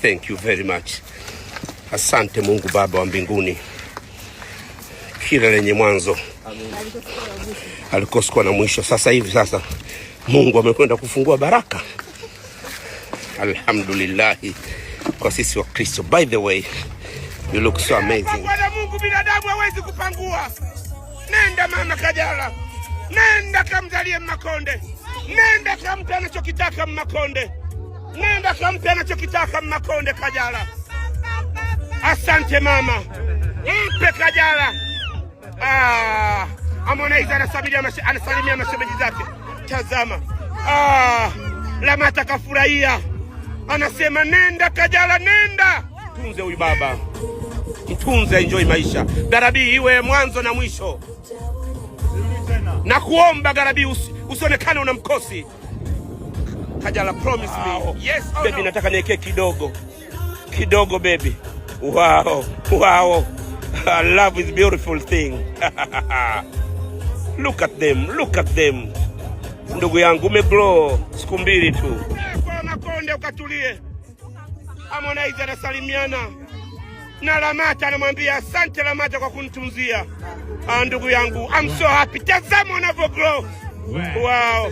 Thank you very much. Asante Mungu Baba wa mbinguni, kila lenye mwanzo alikosikwa na mwisho. Sasa hivi sasa Mungu amekwenda kufungua baraka, alhamdulillahi kwa sisi wa Kristo. By the way, you look so amazing. kwa Mungu, binadamu hawezi kupangua. Nenda mama Kajala, nenda kamzalie Mmakonde, nenda kamta anachokitaka Mmakonde akampe anachokitaka Mmakonde Kajala. Asante mama, mpe Kajala. Ah, Harmonize anasalimia mashemeji zake. Tazama ah, Lamata kafurahia, anasema nenda Kajala, nenda mtunze huyu baba, mtunze, enjoy maisha. garabi iwe mwanzo na mwisho, na kuomba Garabii usionekane una mkosi Kajala promise wow. me. Yes or baby, no? Nataka niwekee kidogo kidogo baby. Wow. Wow. Love is beautiful thing. Look at them. Look at them. Ndugu yangu umeglow siku mbili tu. Kona konde ukatulie. Harmonize anasalimiana na Lamata, anamwambia asante Lamata kwa kunitunzia. Ah, ndugu yangu I'm so happy. Tazama unavyo glow. Wow.